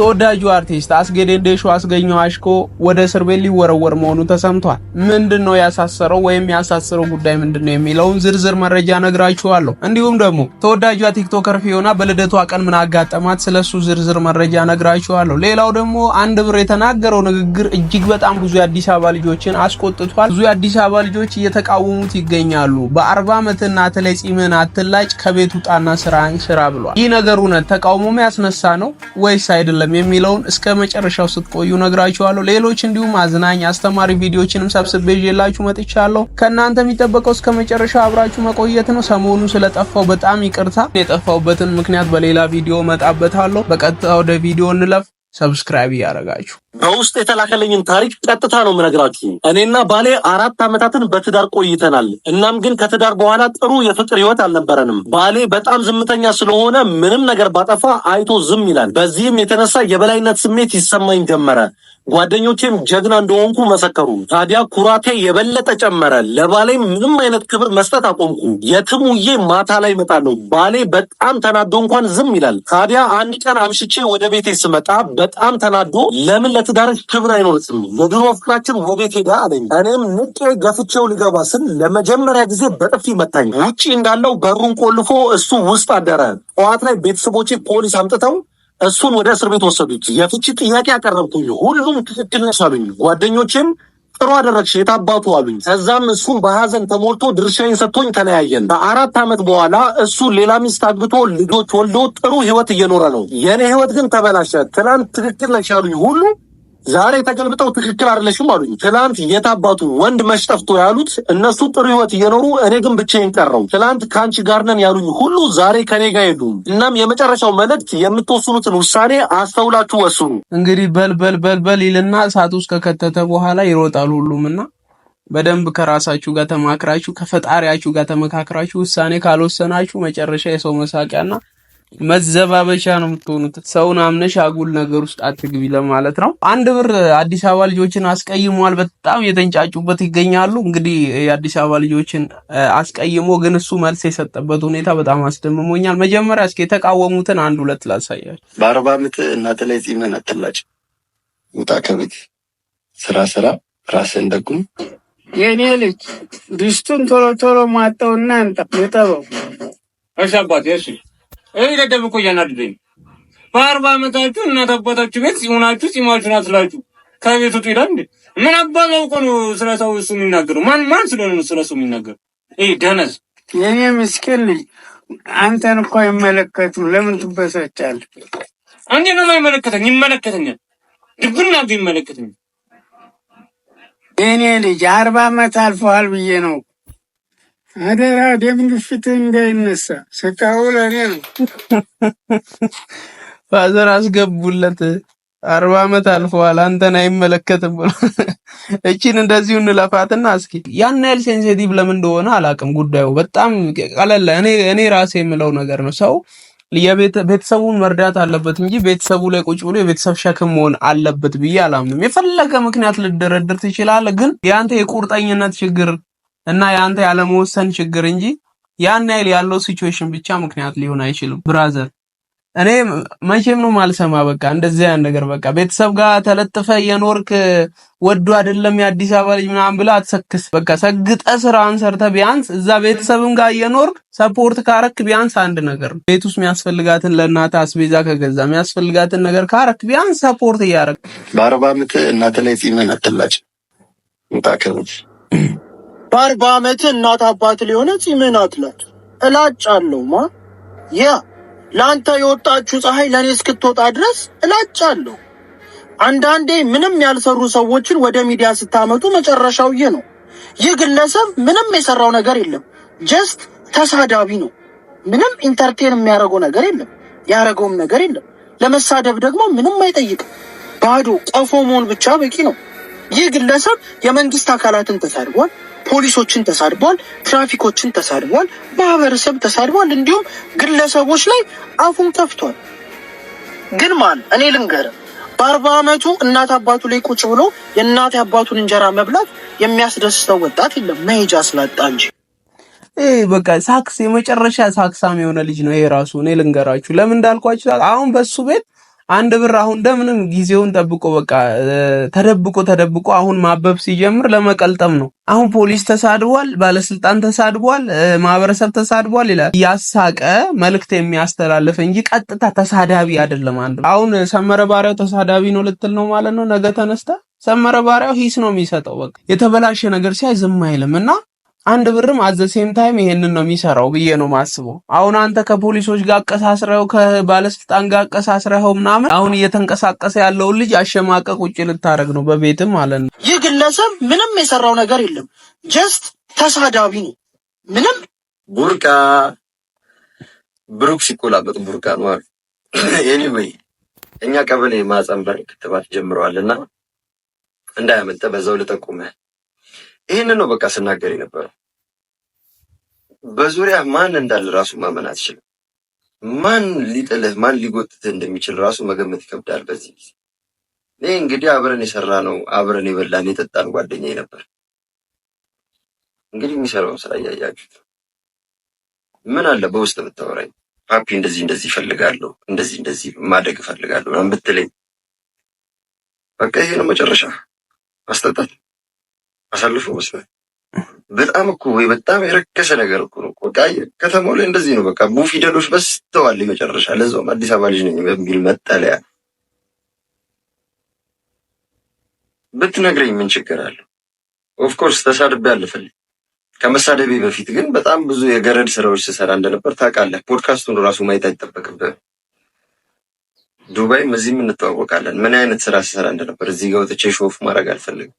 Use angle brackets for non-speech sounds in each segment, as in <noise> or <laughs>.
ተወዳጁ አርቲስት አስጌዴንዴሾ አስገኘው አሽኮ ወደ እስር ቤት ሊወረወር መሆኑ ተሰምቷል። ምንድን ነው ያሳሰረው ወይም ያሳሰረው ጉዳይ ምንድን ነው የሚለውን ዝርዝር መረጃ ነግራችኋለሁ። እንዲሁም ደግሞ ተወዳጇ ቲክቶከር ፊዮና በልደቷ ቀን ምን አጋጠማት፣ ስለሱ ዝርዝር መረጃ ነግራችኋለሁ። ሌላው ደግሞ አንድ ብር የተናገረው ንግግር እጅግ በጣም ብዙ የአዲስ አበባ ልጆችን አስቆጥቷል። ብዙ የአዲስ አበባ ልጆች እየተቃወሙት ይገኛሉ። በአርባ ዓመት እናት ላይ ጺምን አትላጭ፣ ከቤት ውጣና ስራ ስራ ብሏል። ይህ ነገር እውነት ተቃውሞ ያስነሳ ነው ወይስ አይደለም አይደለም የሚለውን እስከ መጨረሻው ስትቆዩ ነግራችኋለሁ። ሌሎች እንዲሁም አዝናኝ አስተማሪ ቪዲዮዎችንም ሰብስቤ ይዤላችሁ መጥቻለሁ። ከእናንተ የሚጠበቀው እስከ መጨረሻው አብራችሁ መቆየት ነው። ሰሞኑ ስለጠፋው በጣም ይቅርታ። የጠፋውበትን ምክንያት በሌላ ቪዲዮ መጣበታለሁ። በቀጥታ ወደ ቪዲዮ እንለፍ። ሰብስክራይብ እያደረጋችሁ በውስጥ የተላከለኝን ታሪክ ቀጥታ ነው የምነግራችሁ። እኔና ባሌ አራት ዓመታትን በትዳር ቆይተናል። እናም ግን ከትዳር በኋላ ጥሩ የፍቅር ህይወት አልነበረንም። ባሌ በጣም ዝምተኛ ስለሆነ ምንም ነገር ባጠፋ አይቶ ዝም ይላል። በዚህም የተነሳ የበላይነት ስሜት ይሰማኝ ጀመረ። ጓደኞቼም ጀግና እንደሆንኩ መሰከሩ። ታዲያ ኩራቴ የበለጠ ጨመረ። ለባሌ ምንም አይነት ክብር መስጠት አቆምኩ። የትም ማታ ላይ እመጣለሁ። ባሌ በጣም ተናዶ እንኳን ዝም ይላል። ታዲያ አንድ ቀን አምሽቼ ወደ ቤቴ ስመጣ በጣም ተናዶ ለምን ለትዳርሽ ክብር አይኖርስም? የድሮ ፍቅራችን ወዴት ሄደ አለኝ። እኔም ንቄ ገፍቼው ልገባ ስል ለመጀመሪያ ጊዜ በጥፊ መታኝ። ውጪ እንዳለው በሩን ቆልፎ እሱ ውስጥ አደረ። ጠዋት ላይ ቤተሰቦቼ ፖሊስ አምጥተው እሱን ወደ እስር ቤት ወሰዱት። የፍቺ ጥያቄ አቀረብኩኝ። ሁሉም ትክክል ነሽ አሉኝ። ጓደኞቼም ጥሩ አደረግሽ የታባቱ አሉኝ። ከዛም እሱን በሀዘን ተሞልቶ ድርሻዬን ሰጥቶኝ ተለያየን። ከአራት ዓመት በኋላ እሱ ሌላ ሚስት አግብቶ ልጆች ወልዶ ጥሩ ህይወት እየኖረ ነው። የእኔ ህይወት ግን ተበላሸ። ትናንት ትክክል ነሽ ያሉኝ ሁሉ ዛሬ ተገልብጠው ትክክል አይደለሽም አሉኝ። ትላንት የታባቱ ወንድ መሽጠፍቶ ያሉት እነሱ ጥሩ ህይወት እየኖሩ እኔ ግን ብቻዬን ቀረው። ትላንት ከአንቺ ጋር ነን ያሉኝ ሁሉ ዛሬ ከኔ ጋር የሉም። እናም የመጨረሻው መልእክት የምትወስኑትን ውሳኔ አስተውላችሁ ወስኑ። እንግዲህ በልበልበልበል ይልና እሳት ውስጥ ከከተተ በኋላ ይሮጣል ሁሉም እና በደንብ ከራሳችሁ ጋር ተማክራችሁ ከፈጣሪያችሁ ጋር ተመካክራችሁ ውሳኔ ካልወሰናችሁ መጨረሻ የሰው መሳቂያና መዘባበቻ ነው የምትሆኑት። ሰውን አምነሽ አጉል ነገር ውስጥ አትግቢ ለማለት ነው። አንድ ብር አዲስ አበባ ልጆችን አስቀይሟል። በጣም የተንጫጩበት ይገኛሉ። እንግዲህ የአዲስ አበባ ልጆችን አስቀይሞ ግን እሱ መልስ የሰጠበት ሁኔታ በጣም አስደምሞኛል። መጀመሪያ እስኪ የተቃወሙትን አንድ ሁለት ላሳያል። በአርባ ምት እናት ላይ ጺምን አትላጭ፣ ውጣ ከቤት ስራ ስራ ራስን ደጉም የእኔ ልጅ ድስቱን ቶሎ ቶሎ ማጠውና ንጠ የጠበው እሺ አባቴ እሺ እኔ ደደብ እኮ እያናድደኝ በአርባ ዓመታችሁ እናት አባታችሁ ቤት ሲሆናችሁ ጺማችሁን አስላችሁ ከቤት ውጡ ይላል እንዴ? ምን አባቱ እኮ ነው ስለ ሰው እሱ የሚናገረው? ማን ማን ስለሆነ ነው ስለ ሰው የሚናገረው? ይህ ደነዝ የኔ ምስኪን ልጅ አንተን እኮ አይመለከትም። ለምን ትበሳጫለህ? አንዴ ነው የማይመለከተኝ፣ ይመለከተኛል። ድብና ይመለከተኛል። የኔ ልጅ አርባ ዓመት አልፈዋል ብዬ ነው አደራ ደም ግፊት እንዳይነሳ። ስቃው ለእኔ ነው። <laughs> ፋዘር አስገቡለት። አርባ ዓመት አልፈዋል አንተን አይመለከትም ብሎ <laughs> እቺን እንደዚሁ እንለፋትና እስኪ ያን ያህል ሴንሲቲቭ ለምን እንደሆነ አላቅም። ጉዳዩ በጣም ቀለለ። እኔ እኔ ራሴ የምለው ነገር ነው ሰው ቤተሰቡን መርዳት አለበት እንጂ ቤተሰቡ ላይ ቁጭ ብሎ የቤተሰብ ሸክም መሆን አለበት ብዬ አላምንም። የፈለገ ምክንያት ልደረድር ትችላለህ፣ ግን የአንተ የቁርጠኝነት ችግር እና የአንተ ያለመወሰን ችግር እንጂ ያን ያህል ያለው ሲቹዌሽን ብቻ ምክንያት ሊሆን አይችልም ብራዘር። እኔ መቼም ነው ማልሰማ። በቃ እንደዚህ ያን ነገር በቃ ቤተሰብ ጋር ተለጥፈ የኖርክ ወዱ አይደለም የአዲስ አበባ ልጅ ምናምን ብለ አትሰክስ። በቃ ሰግጠ ስራን ሰርተ ቢያንስ እዛ ቤተሰብም ጋር የኖርክ ሰፖርት ካረክ ቢያንስ አንድ ነገር ነው። ቤት ውስጥ የሚያስፈልጋትን ለእናት አስቤዛ ከገዛ የሚያስፈልጋትን ነገር ካረክ ቢያንስ ሰፖርት እያረክ በአርባ ዓመት እናት ላይ ጺምን አትላጭ በአርባ ዓመት እናት አባት ሊሆነ ፂምን አትላት እላጭ አለው ማ ያ ለአንተ የወጣችሁ ፀሐይ ለእኔ እስክትወጣ ድረስ እላጭ አለው። አንዳንዴ ምንም ያልሰሩ ሰዎችን ወደ ሚዲያ ስታመጡ መጨረሻው ይህ ነው። ይህ ግለሰብ ምንም የሰራው ነገር የለም። ጀስት ተሳዳቢ ነው። ምንም ኢንተርቴን የሚያደርገው ነገር የለም። ያደረገውም ነገር የለም። ለመሳደብ ደግሞ ምንም አይጠይቅም። ባዶ ቀፎ መሆን ብቻ በቂ ነው። ይህ ግለሰብ የመንግስት አካላትን ተሳድቧል። ፖሊሶችን ተሳድቧል፣ ትራፊኮችን ተሳድቧል፣ ማህበረሰብ ተሳድቧል፣ እንዲሁም ግለሰቦች ላይ አፉን ከፍቷል። ግን ማን እኔ ልንገር በአርባ ዓመቱ እናት አባቱ ላይ ቁጭ ብሎ የእናት አባቱን እንጀራ መብላት የሚያስደስተው ወጣት የለም መሄጃ ስላጣ እንጂ። ይህ በቃ ሳክስ የመጨረሻ ሳክሳም የሆነ ልጅ ነው ይሄ ራሱ። እኔ ልንገራችሁ ለምን እንዳልኳችሁ አሁን በሱ ቤት አንድ ብር አሁን እንደምንም ጊዜውን ጠብቆ በቃ ተደብቆ ተደብቆ አሁን ማበብ ሲጀምር ለመቀልጠም ነው። አሁን ፖሊስ ተሳድቧል፣ ባለስልጣን ተሳድቧል፣ ማህበረሰብ ተሳድቧል ይላል። ያሳቀ መልእክት የሚያስተላልፍ እንጂ ቀጥታ ተሳዳቢ አይደለም። አንዱ አሁን ሰመረ ባሪያው ተሳዳቢ ነው ልትል ነው ማለት ነው። ነገ ተነስተ ሰመረ ባሪያው ሂስ ነው የሚሰጠው። በቃ የተበላሸ ነገር ሲያይ ዝም አይልም እና አንድ ብርም አዘ ሴም ታይም ይሄንን ነው የሚሰራው ብዬ ነው ማስበው። አሁን አንተ ከፖሊሶች ጋር አቀሳስረው ከባለስልጣን ጋር አቀሳስረው ምናምን አሁን እየተንቀሳቀሰ ያለውን ልጅ አሸማቀቅ ውጭ ልታደረግ ነው በቤትም ማለት ነው። ይህ ግለሰብ ምንም የሰራው ነገር የለም። ጀስት ተሳዳቢ ነው። ምንም ቡርቃ ብሩክ ሲቆላበት ቡርቃ ነው አሉ። ኤኒዌይ እኛ ቀበሌ ማጸንበር ክትባት ጀምረዋልና እንዳያመልጠ በዛው ልጠቁመህ ይህንን ነው በቃ ስናገር የነበረው። በዙሪያ ማን እንዳለ ራሱ ማመን አትችልም። ማን ሊጥልህ ማን ሊጎትትህ እንደሚችል ራሱ መገመት ይከብዳል። በዚህ ጊዜ ይህ እንግዲህ አብረን የሰራ ነው አብረን የበላን የጠጣን ጓደኛ ነበር። እንግዲህ የሚሰራውን ስራ እያያችሁት ምን አለ በውስጥ ብታወራኝ ፓፒ እንደዚህ እንደዚህ ፈልጋለሁ እንደዚህ እንደዚህ ማደግ እፈልጋለሁ ብትለኝ፣ በቃ ይሄ ነው መጨረሻ አስጠጣት። አሳልፎ መስሎኝ በጣም እኮ ወይ በጣም የረከሰ ነገር እኮ ነው። በቃ ከተማው ላይ እንደዚህ ነው። በቃ ቡ ፊደሎች በስተዋል መጨረሻ። ለዛውም አዲስ አበባ ልጅ ነኝ በሚል መጠለያ ብትነግረኝ ምን ችግር አለው? ኦፍኮርስ ተሳድቤ አልፈልግም። ከመሳደቤ በፊት ግን በጣም ብዙ የገረድ ስራዎች ስሰራ እንደነበር ታውቃለህ። ፖድካስቱን ራሱ ማየት አይጠበቅብህም። ዱባይም እዚህ እንተዋወቃለን። ምን አይነት ስራ ስሰራ እንደነበር እዚህ ጋ ወጥቼ ሾፍ ማድረግ አልፈልግም።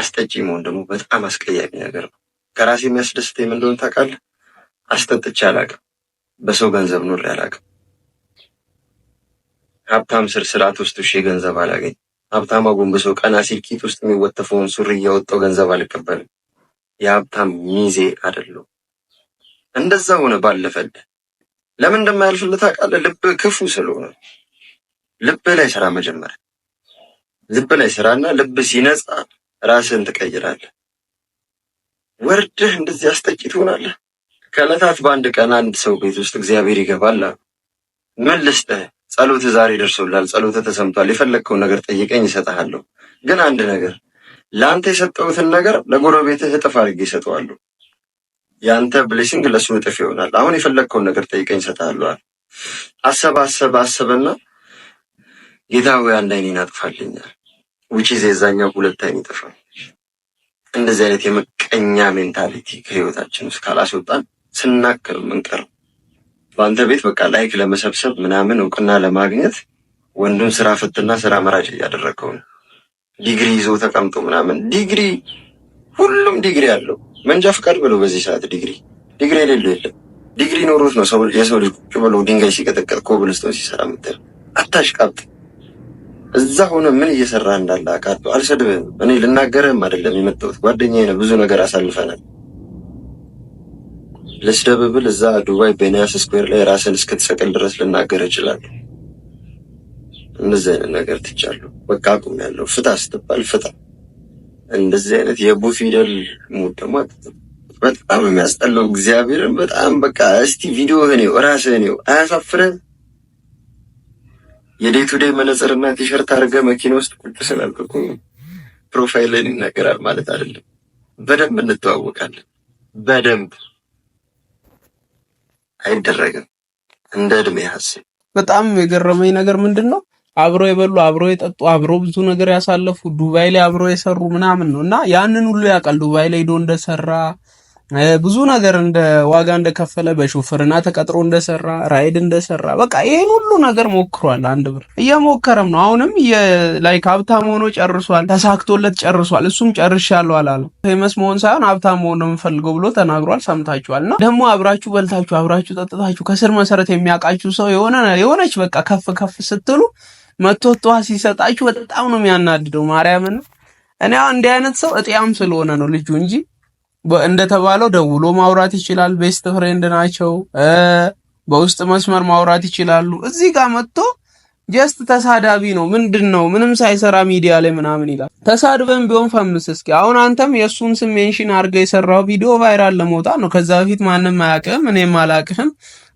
አስጠጪ መሆን ደግሞ በጣም አስቀያሚ ነገር ነው። ከራሴ የሚያስደስተኝ ምን እንደሆነ ታውቃለህ? አስጠጥቼ አላቅም። በሰው ገንዘብ ኖር አላቅም። ሀብታም ስር ስርዓት ውስጥ ውሽ ገንዘብ አላገኝ። ሀብታም አጎንብሰው ቀና ሲል ኪት ውስጥ የሚወተፈውን ሱሪ እያወጣው ገንዘብ አልቀበልም። የሀብታም ሚዜ አይደለሁም። እንደዛ ሆነ ባለፈልህ ለምን እንደማያልፍልህ ታውቃለህ? ልብ ክፉ ስለሆነ ልብ ላይ ስራ መጀመሪያ ልብ ላይ ስራና ልብ ሲነጻ ራስን ትቀይራለህ። ወርድህ እንደዚህ አስጠቂ ትሆናለህ። ከዕለታት በአንድ ቀን አንድ ሰው ቤት ውስጥ እግዚአብሔር ይገባል። ምን ልስጥህ? ዛሬ ደርሶላል። ጸሎት ተሰምቷል። የፈለግከውን ነገር ጠይቀኝ እሰጥሃለሁ። ግን አንድ ነገር ለአንተ የሰጠሁትን ነገር ለጎረቤትህ እጥፍ አድርጌ እሰጠዋለሁ። የአንተ ብሌሲንግ ለሱ እጥፍ ይሆናል። አሁን የፈለግከውን ነገር ጠይቀኝ እሰጥሃለሁ። አሰብ አሰብ አሰበና ጌታ ሆይ አንድ አይኔን አጥፋልኛል ውጪ የዛኛው ሁለት አይነት ይጠፋል። እንደዚህ አይነት የመቀኛ ሜንታሊቲ ከህይወታችን ውስጥ ካላስወጣን ስናክል የምንቀረው በአንተ ቤት በቃ ላይክ ለመሰብሰብ ምናምን እውቅና ለማግኘት ወንዱን ስራ ፍትና ስራ መራጭ እያደረገው ነው። ዲግሪ ይዞ ተቀምጦ ምናምን ዲግሪ ሁሉም ዲግሪ አለው። መንጃ ፍቃድ ብለው በዚህ ሰዓት ዲግሪ ዲግሪ የሌለው የለም። ዲግሪ ኖሮት ነው የሰው ልጅ ቁጭ ብሎ ድንጋይ ሲቀጠቀጥ ኮብልስቶን ሲሰራ ምትል አታሽቃብጥ እዛ ሆነ ምን እየሰራ እንዳለ አቃጡ። አልሰድብህም። እኔ ልናገርህም አይደለም የመጣሁት ጓደኛዬ ነው። ብዙ ነገር አሳልፈናል። ልስደብ ብል እዛ ዱባይ በኒያስ ስኩዌር ላይ ራስን እስክትሰቅል ድረስ ልናገር እችላለሁ። እንደዚህ አይነት ነገር ትቻለሁ። በቃ አቁም ያለው ፍታ ስትባል ፍታ። እንደዚህ አይነት የቡ ፊደል ሙድ ደግሞ በጣም የሚያስጠላው እግዚአብሔርን በጣም በቃ እስቲ ቪዲዮ እኔው ራስህ እኔው አያሳፍርህም የዴይ ቱ መነጽርና ቲሸርት አድርገ መኪና ውስጥ ቁጭ ስላልኩ ፕሮፋይልን ይነገራል ማለት አይደለም። በደንብ እንተዋወቃለን። በደንብ አይደረግም እንደ እድሜ ሀሳብ። በጣም የገረመኝ ነገር ምንድን ነው አብሮ የበሉ አብሮ የጠጡ አብሮ ብዙ ነገር ያሳለፉ ዱባይ ላይ አብሮ የሰሩ ምናምን ነው እና ያንን ሁሉ ያውቃል። ዱባይ ላይ ሄዶ እንደሰራ ብዙ ነገር እንደ ዋጋ እንደከፈለ በሹፍርና ተቀጥሮ እንደሰራ ራይድ እንደሰራ በቃ ይሄን ሁሉ ነገር ሞክሯል። አንድ ብር እየሞከረም ነው። አሁንም ላይክ ሀብታም ሆኖ ጨርሷል። ተሳክቶለት ጨርሷል። እሱም ጨርሻለሁ አላለም። ፌመስ መሆን ሳይሆን ሀብታም መሆን ነው የምፈልገው ብሎ ተናግሯል። ሰምታችኋል። እና ደግሞ አብራችሁ በልታችሁ አብራችሁ ጠጥታችሁ ከስር መሰረት የሚያውቃችሁ ሰው የሆነ የሆነች በቃ ከፍ ከፍ ስትሉ መቶት ሲሰጣችሁ በጣም ነው የሚያናድደው። ማርያምን እኔ እንዲህ አይነት ሰው እጥያም ስለሆነ ነው ልጁ እንጂ እንደተባለው ደውሎ ማውራት ይችላል። ቤስት ፍሬንድ ናቸው። በውስጥ መስመር ማውራት ይችላሉ። እዚህ ጋር መጥቶ ጀስት ተሳዳቢ ነው ምንድን ነው ምንም ሳይሰራ ሚዲያ ላይ ምናምን ይላል። ተሳድበን ቢሆን ፈምስ እስኪ። አሁን አንተም የእሱን ስም ሜንሽን አድርገህ የሰራው ቪዲዮ ቫይራል ለመውጣት ነው። ከዛ በፊት ማንም አያውቅም፣ እኔም አላውቅህም፣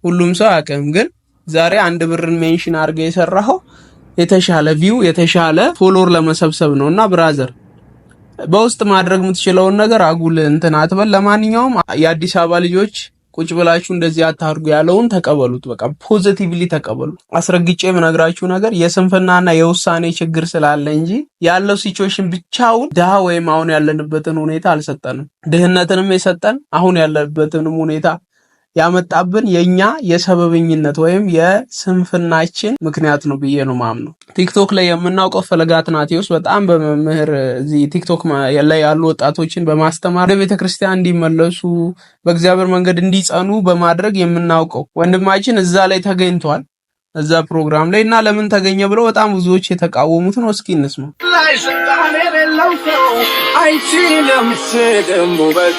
ሁሉም ሰው አያውቅም። ግን ዛሬ አንድ ብርን ሜንሽን አድርገህ የሰራኸው የተሻለ ቪው የተሻለ ፎሎወር ለመሰብሰብ ነው እና ብራዘር በውስጥ ማድረግ የምትችለውን ነገር አጉል እንትን አትበል። ለማንኛውም የአዲስ አበባ ልጆች ቁጭ ብላችሁ እንደዚህ አታርጉ ያለውን ተቀበሉት። በቃ ፖዚቲቭሊ ተቀበሉ። አስረግጬ የምነግራችሁ ነገር የስንፍናና የውሳኔ ችግር ስላለ እንጂ ያለው ሲቹዌሽን ብቻውን ድሃ ወይም አሁን ያለንበትን ሁኔታ አልሰጠንም። ድህነትንም የሰጠን አሁን ያለበትንም ሁኔታ ያመጣብን የኛ የሰበብኝነት ወይም የስንፍናችን ምክንያት ነው ብዬ ነው ማምነው። ቲክቶክ ላይ የምናውቀው ፈለገ አትናቴዎስ በጣም በመምህር እዚህ ቲክቶክ ላይ ያሉ ወጣቶችን በማስተማር ወደ ቤተክርስቲያን እንዲመለሱ በእግዚአብሔር መንገድ እንዲጸኑ በማድረግ የምናውቀው ወንድማችን እዛ ላይ ተገኝቷል እዛ ፕሮግራም ላይ እና ለምን ተገኘ ብለው በጣም ብዙዎች የተቃወሙት ነው። እስኪ እንስማ። ላይ ስልጣን የሌለው ሰው አይችልም ውበት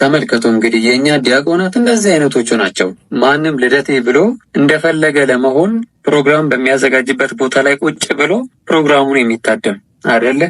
ተመልከቱ እንግዲህ የእኛ ዲያቆናት እንደዚህ አይነቶቹ ናቸው። ማንም ልደቴ ብሎ እንደፈለገ ለመሆን ፕሮግራም በሚያዘጋጅበት ቦታ ላይ ቁጭ ብሎ ፕሮግራሙን የሚታደም አይደለ?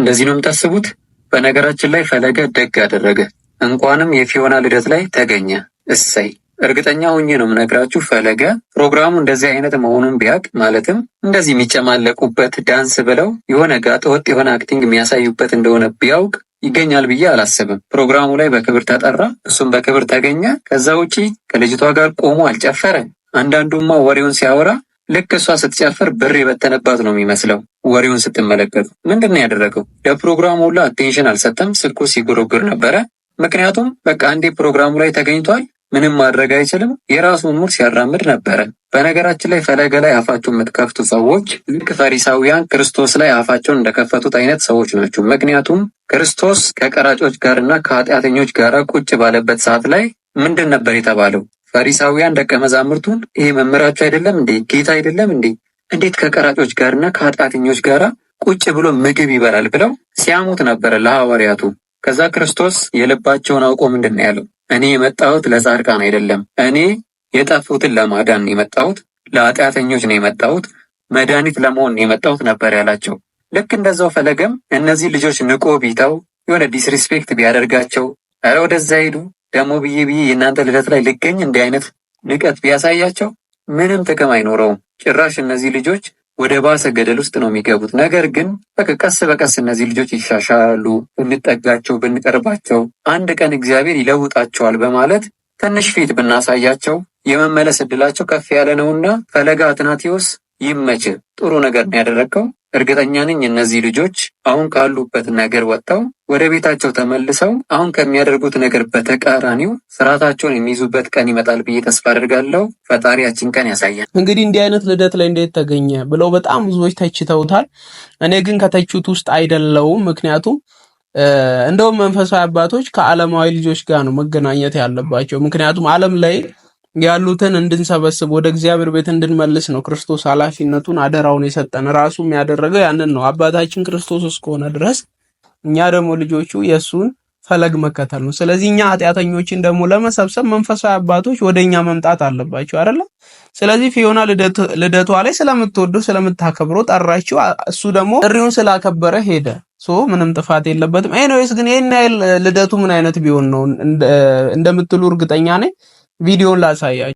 እንደዚህ ነው የምታስቡት። በነገራችን ላይ ፈለገ ደግ አደረገ። እንኳንም የፊዮና ልደት ላይ ተገኘ። እሰይ እርግጠኛ ሆኜ ነው የምነግራችሁ። ፈለገ ፕሮግራሙ እንደዚህ አይነት መሆኑን ቢያቅ ማለትም እንደዚህ የሚጨማለቁበት ዳንስ ብለው የሆነ ጋጠወጥ የሆነ አክቲንግ የሚያሳዩበት እንደሆነ ቢያውቅ ይገኛል ብዬ አላስብም። ፕሮግራሙ ላይ በክብር ተጠራ፣ እሱም በክብር ተገኘ። ከዛ ውጪ ከልጅቷ ጋር ቆሞ አልጨፈረ። አንዳንዱማ ወሬውን ሲያወራ ልክ እሷ ስትጨፍር ብር የበተነባት ነው የሚመስለው። ወሬውን ስትመለከቱ ምንድን ነው ያደረገው? ለፕሮግራሙ ሁላ አቴንሽን አልሰጠም። ስልኩ ሲጎረጉር ነበረ። ምክንያቱም በቃ አንዴ ፕሮግራሙ ላይ ተገኝቷል። ምንም ማድረግ አይችልም። የራሱን ሙር ሲያራምድ ነበረ። በነገራችን ላይ ፈለገ ላይ አፋቸውን የምትከፍቱ ሰዎች ልክ ፈሪሳውያን ክርስቶስ ላይ አፋቸውን እንደከፈቱት አይነት ሰዎች ናቸው። ምክንያቱም ክርስቶስ ከቀራጮች ጋርና ከኃጢአተኞች ጋር ቁጭ ባለበት ሰዓት ላይ ምንድን ነበር የተባለው? ፈሪሳውያን ደቀ መዛሙርቱን ይሄ መምህራችሁ አይደለም እንዴ? ጌታ አይደለም እንዴ? እንዴት ከቀራጮች ጋርና ከኃጢአተኞች ጋር ቁጭ ብሎ ምግብ ይበላል? ብለው ሲያሙት ነበረ ለሐዋርያቱ። ከዛ ክርስቶስ የልባቸውን አውቆ ምንድን ነው ያለው? እኔ የመጣሁት ለጻድቃን አይደለም፣ እኔ የጠፉትን ለማዳን የመጣሁት፣ ለኃጢአተኞች ነው የመጣሁት፣ መድኃኒት ለመሆን የመጣሁት ነበር ያላቸው። ልክ እንደዛው ፈለገም እነዚህ ልጆች ንቆ ቢተው የሆነ ዲስሪስፔክት ቢያደርጋቸው፣ ኧረ ወደዛ ሄዱ ደግሞ ብዬ ብዬ የእናንተ ልደት ላይ ልገኝ እንዲህ አይነት ንቀት ቢያሳያቸው ምንም ጥቅም አይኖረውም። ጭራሽ እነዚህ ልጆች ወደ ባሰ ገደል ውስጥ ነው የሚገቡት። ነገር ግን በቃ ቀስ በቀስ እነዚህ ልጆች ይሻሻሉ፣ ብንጠጋቸው፣ ብንቀርባቸው አንድ ቀን እግዚአብሔር ይለውጣቸዋል በማለት ትንሽ ፊት ብናሳያቸው የመመለስ እድላቸው ከፍ ያለ ነውና ፈለገ አትናቴዎስ ይመች፣ ጥሩ ነገር ነው ያደረግከው። እርግጠኛ ነኝ እነዚህ ልጆች አሁን ካሉበት ነገር ወጥተው ወደ ቤታቸው ተመልሰው አሁን ከሚያደርጉት ነገር በተቃራኒው ስርዓታቸውን የሚይዙበት ቀን ይመጣል ብዬ ተስፋ አድርጋለሁ። ፈጣሪያችን ቀን ያሳያል። እንግዲህ እንዲህ አይነት ልደት ላይ እንዴት ተገኘ ብለው በጣም ብዙዎች ተችተውታል። እኔ ግን ከተችት ውስጥ አይደለውም። ምክንያቱም እንደውም መንፈሳዊ አባቶች ከዓለማዊ ልጆች ጋር ነው መገናኘት ያለባቸው። ምክንያቱም ዓለም ላይ ያሉትን እንድንሰበስብ ወደ እግዚአብሔር ቤት እንድንመልስ ነው ክርስቶስ ኃላፊነቱን አደራውን የሰጠን። ራሱም ያደረገው ያንን ነው። አባታችን ክርስቶስ እስከሆነ ድረስ እኛ ደግሞ ልጆቹ የእሱን ፈለግ መከተል ነው። ስለዚህ እኛ ኃጢአተኞችን ደግሞ ለመሰብሰብ መንፈሳዊ አባቶች ወደ እኛ መምጣት አለባቸው አይደለም። ስለዚህ ፊዮና ልደቷ ላይ ስለምትወደው ስለምታከብረው ጠራችው። እሱ ደግሞ ጥሪውን ስላከበረ ሄደ። ሶ ምንም ጥፋት የለበትም። ኤኒዌይስ ግን ይህን ያህል ልደቱ ምን አይነት ቢሆን ነው እንደምትሉ እርግጠኛ ነኝ። Video Lasagna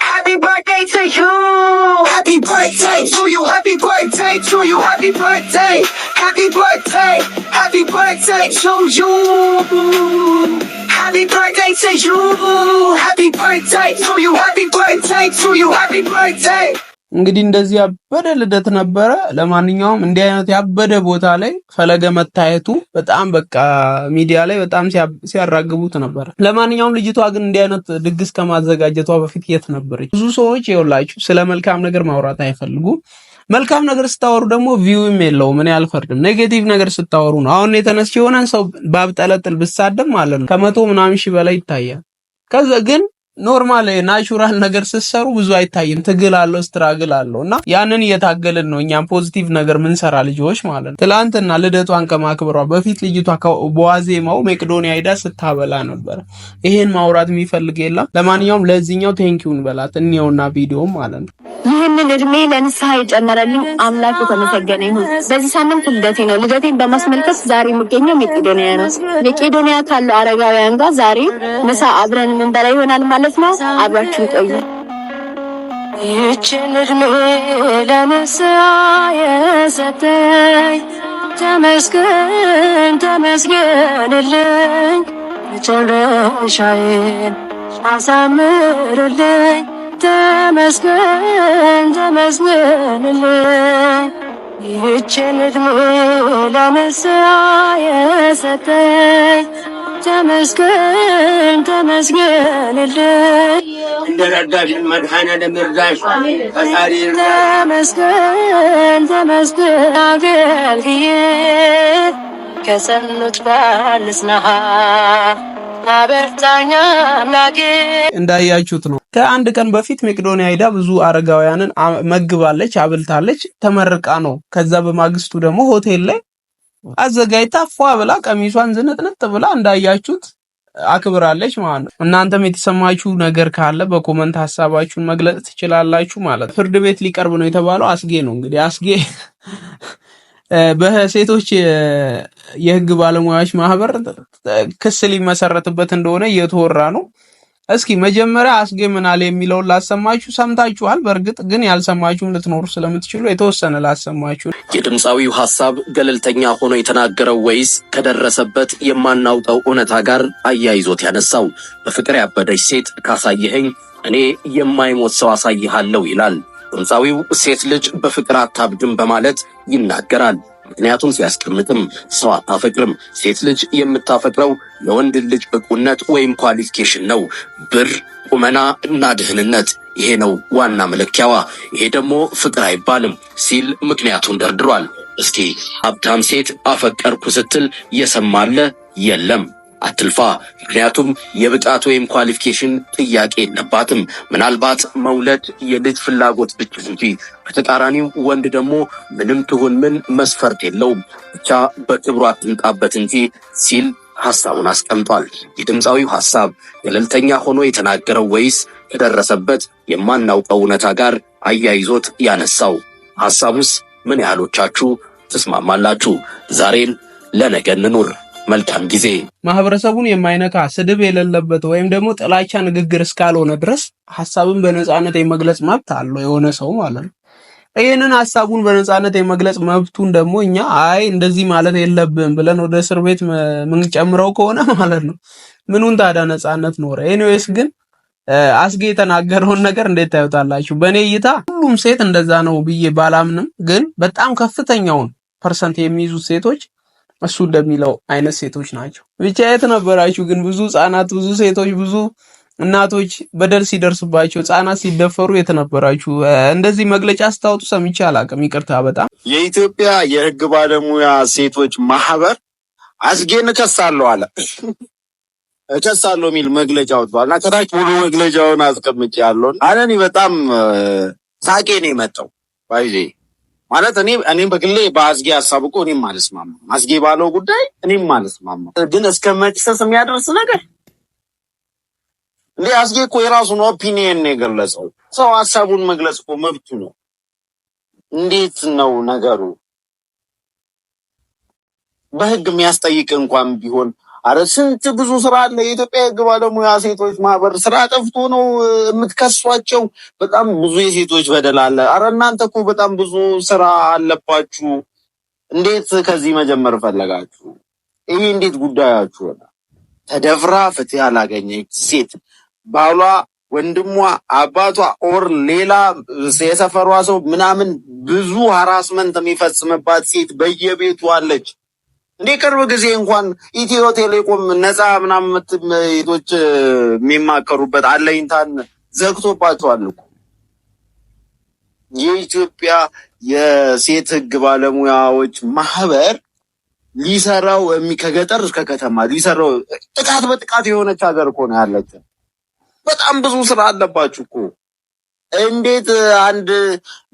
Happy birthday to you! Happy birthday to you! Happy birthday to you! Happy birthday! Happy birthday! Happy birthday to you! birthday to you happy birthday to you happy birthday to you happy birthday እንግዲህ እንደዚህ ያበደ ልደት ነበረ። ለማንኛውም እንዲህ አይነት ያበደ ቦታ ላይ ፈለገ መታየቱ በጣም በቃ ሚዲያ ላይ በጣም ሲያራግቡት ነበረ። ለማንኛውም ልጅቷ ግን እንዲህ አይነት ድግስ ከማዘጋጀቷ በፊት የት ነበረች? ብዙ ሰዎች ይኸውላችሁ ስለ መልካም ነገር ማውራት አይፈልጉም። መልካም ነገር ስታወሩ ደግሞ ቪውም የለውም። እኔ አልፈርድም። ኔጌቲቭ ነገር ስታወሩ ነው። አሁን የተነስ የሆነን ሰው ባብጠለጥል ብሳደም ማለት ነው ከመቶ ምናምን ሺህ በላይ ይታያል። ከዛ ግን ኖርማል ናቹራል ነገር ስትሰሩ ብዙ አይታይም። ትግል አለው ስትራግል አለው እና ያንን እየታገልን ነው እኛም ፖዚቲቭ ነገር ምንሰራ ልጆች ማለት ነው። ትላንትና ልደቷን ከማክበሯ በፊት ልጅቷ በዋዜማው መቄዶኒያ ሄዳ ስታበላ ነበር። ይሄን ማውራት የሚፈልግ የለም። ለማንኛውም ለዚህኛው ቴንኪውን በላት እንየውና ቪዲዮም ማለት ነው። ይህንን እድሜ ለንስሐ የጨመረልኝ አምላክ የተመሰገነ ይሁን። በዚህ ሳምንት ልደቴ ነው። ልደቴን በማስመልከት ዛሬ የምገኘው ሜቄዶኒያ ነው። ሜቄዶኒያ ካለው አረጋውያን ጋር ዛሬ ምሳ አብረን ምንበላ ይሆናል ማለት ማለት ነው። አብራችሁ ቆዩ። ይህችን እድሜ ለምሳ የሰጠኝ ተመስገን ተመስገንልኝ፣ መጨረሻዬን አሳምርልኝ። ተመስገን ተመስገንልኝ፣ ይህችን እድሜ ለምሳ የሰጠኝ ተመስገን ተመስገን እንደ ረዳሽ መድኃኔዓለም ይርዳሽ ፈጣሪ ተመስገን ተመስገን አገልግዬ ከጸሎት ባልጽናሃ እንዳያችሁት ነው። ከአንድ ቀን በፊት መቄዶንያ ሄዳ ብዙ አረጋውያንን መግባለች፣ አብልታለች፣ ተመርቃ ነው። ከዛ በማግስቱ ደግሞ ሆቴል ላይ አዘጋጅታ ፏ ብላ ቀሚሷን ዝንጥንጥ ብላ እንዳያችሁት አክብራለች ማለት ነው። እናንተም የተሰማችሁ ነገር ካለ በኮመንት ሀሳባችሁን መግለጽ ትችላላችሁ ማለት ነው። ፍርድ ቤት ሊቀርብ ነው የተባለው አስጌ ነው እንግዲህ አስጌ <laughs> በሴቶች የህግ ባለሙያዎች ማህበር ክስ ሊመሰረትበት እንደሆነ እየተወራ ነው። እስኪ መጀመሪያ አስጌ ምን አለ የሚለውን ላሰማችሁ። ሰምታችኋል። በእርግጥ ግን ያልሰማችሁም ልትኖሩ ስለምትችሉ የተወሰነ ላሰማችሁ። የድምፃዊው ሀሳብ ገለልተኛ ሆኖ የተናገረው ወይስ ከደረሰበት የማናውቀው እውነታ ጋር አያይዞት ያነሳው? በፍቅር ያበደች ሴት ካሳየኸኝ እኔ የማይሞት ሰው አሳይሃለሁ ይላል። ድምፃዊው ሴት ልጅ በፍቅር አታብድም በማለት ይናገራል። ምክንያቱም ሲያስቀምጥም ሰው አታፈቅርም። ሴት ልጅ የምታፈቅረው የወንድ ልጅ ብቁነት ወይም ኳሊፊኬሽን ነው። ብር፣ ቁመና እና ድህንነት ይሄ ነው ዋና መለኪያዋ። ይሄ ደግሞ ፍቅር አይባልም ሲል ምክንያቱን ደርድሯል። እስቲ ሀብታም ሴት አፈቀርኩ ስትል የሰማለ የለም። አትልፋ። ምክንያቱም የብቃት ወይም ኳሊፊኬሽን ጥያቄ የለባትም። ምናልባት መውለድ የልጅ ፍላጎት ብቻ እንጂ በተቃራኒው ወንድ ደግሞ ምንም ትሁን ምን መስፈርት የለውም፣ ብቻ በክብሩ አትምጣበት እንጂ ሲል ሀሳቡን አስቀምጧል። የድምፃዊው ሀሳብ ገለልተኛ ሆኖ የተናገረው ወይስ ከደረሰበት የማናውቀው እውነታ ጋር አያይዞት ያነሳው ሀሳቡስ ምን ያህሎቻችሁ ትስማማላችሁ? ዛሬን ለነገ እንኑር። መልካም ጊዜ። ማህበረሰቡን የማይነካ ስድብ የሌለበት ወይም ደግሞ ጥላቻ ንግግር እስካልሆነ ድረስ ሀሳብን በነፃነት የመግለጽ መብት አለው የሆነ ሰው ማለት ነው። ይህንን ሀሳቡን በነፃነት የመግለጽ መብቱን ደግሞ እኛ አይ እንደዚህ ማለት የለብን ብለን ወደ እስር ቤት ምንጨምረው ከሆነ <laughs> ማለት ነው ምኑን ታዲያ ነፃነት ኖረ? ኤኒዌይስ ግን አስጌ የተናገረውን ነገር እንዴት ታዩታላችሁ? በእኔ እይታ ሁሉም ሴት እንደዛ ነው ብዬ ባላምንም፣ ግን በጣም ከፍተኛውን ፐርሰንት የሚይዙት ሴቶች እሱ እንደሚለው አይነት ሴቶች ናቸው። ብቻ የት ነበራችሁ ግን? ብዙ ህጻናት፣ ብዙ ሴቶች፣ ብዙ እናቶች በደል ሲደርስባቸው ህጻናት ሲደፈሩ የት ነበራችሁ? እንደዚህ መግለጫ ስታወጡ ሰምቼ አላቅም። ይቅርታ በጣም የኢትዮጵያ የህግ ባለሙያ ሴቶች ማህበር አስጌን እከሳለሁ አለ <laughs> እከሳለሁ የሚል መግለጫ አውጥቷልና ከታች ሙሉ መግለጫውን አስቀምጬ ያለውን አነኒ በጣም ሳቄ ነው የመጣው ባይዜ ማለት እኔ እኔም በግሌ በአዝጌ ሀሳብ እኮ እኔም አልስማማ አዝጌ ባለው ጉዳይ እኔም አልስማማ። ግን እስከ መጭሰስ የሚያደርስ ነገር እንዲህ አዝጌ እኮ የራሱን ኦፒኒየን ነው የገለጸው። ሰው ሀሳቡን መግለጽ እኮ መብቱ ነው። እንዴት ነው ነገሩ? በህግ የሚያስጠይቅ እንኳን ቢሆን አረ ስንት ብዙ ስራ አለ። የኢትዮጵያ የህግ ባለሙያ ሴቶች ማህበር ስራ ጠፍቶ ነው የምትከሷቸው። በጣም ብዙ የሴቶች በደል አለ። አረ እናንተ እኮ በጣም ብዙ ስራ አለባችሁ። እንዴት ከዚህ መጀመር ፈለጋችሁ? ይሄ እንዴት ጉዳያችሁ ሆነ? ተደፍራ ፍትህ ያላገኘች ሴት ባሏ፣ ወንድሟ፣ አባቷ ኦር ሌላ የሰፈሯ ሰው ምናምን ብዙ ሀራስመንት የሚፈጽምባት ሴት በየቤቱ አለች። እንደ ቅርብ ጊዜ እንኳን ኢትዮ ቴሌኮም ነፃ ምናምን ምትቶች የሚማከሩበት አለኝታን ዘግቶባቸዋል እኮ። የኢትዮጵያ የሴት ሕግ ባለሙያዎች ማህበር ሊሰራው ከገጠር እስከ ከተማ ሊሰራው ጥቃት በጥቃት የሆነች ሀገር እኮ ነው ያለችን። በጣም ብዙ ስራ አለባችሁ እኮ። እንዴት አንድ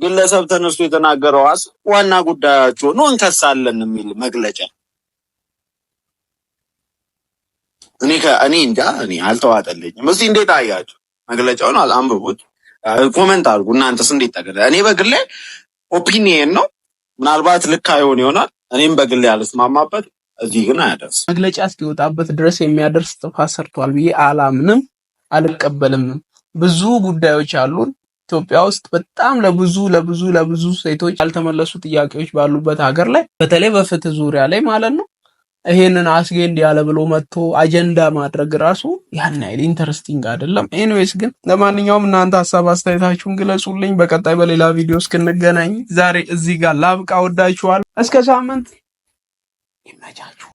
ግለሰብ ተነስቶ የተናገረው ዋና ጉዳያቸው ነው እንከሳለን የሚል መግለጫ እኔ እኔ እንጃ እኔ አልተዋጠለኝም። እስቲ እንዴት አያችሁ? መግለጫውን አንብቡት፣ ኮመንት አድርጉ። እናንተስ እንዴት ተገለ? እኔ በግሌ ኦፒኒየን ነው፣ ምናልባት ልክ አይሆን ይሆናል። እኔም በግሌ ያልስማማበት እዚህ ግን አያደርስ መግለጫ እስኪወጣበት ድረስ የሚያደርስ ጥፋት ሰርቷል ብዬ አላምንም፣ አልቀበልም ብዙ ጉዳዮች አሉን ኢትዮጵያ ውስጥ በጣም ለብዙ ለብዙ ለብዙ ሴቶች ያልተመለሱ ጥያቄዎች ባሉበት ሀገር ላይ በተለይ በፍትህ ዙሪያ ላይ ማለት ነው ይሄንን አስጌ እንዲህ ያለ ብሎ መጥቶ አጀንዳ ማድረግ ራሱ ያን ያህል ኢንተረስቲንግ አይደለም። ኤኒዌይስ ግን ለማንኛውም እናንተ ሀሳብ አስተያየታችሁን ግለጹልኝ። በቀጣይ በሌላ ቪዲዮ እስክንገናኝ ዛሬ እዚህ ጋር ላብቃ። ወዳችኋል። እስከ ሳምንት ይመቻችሁ።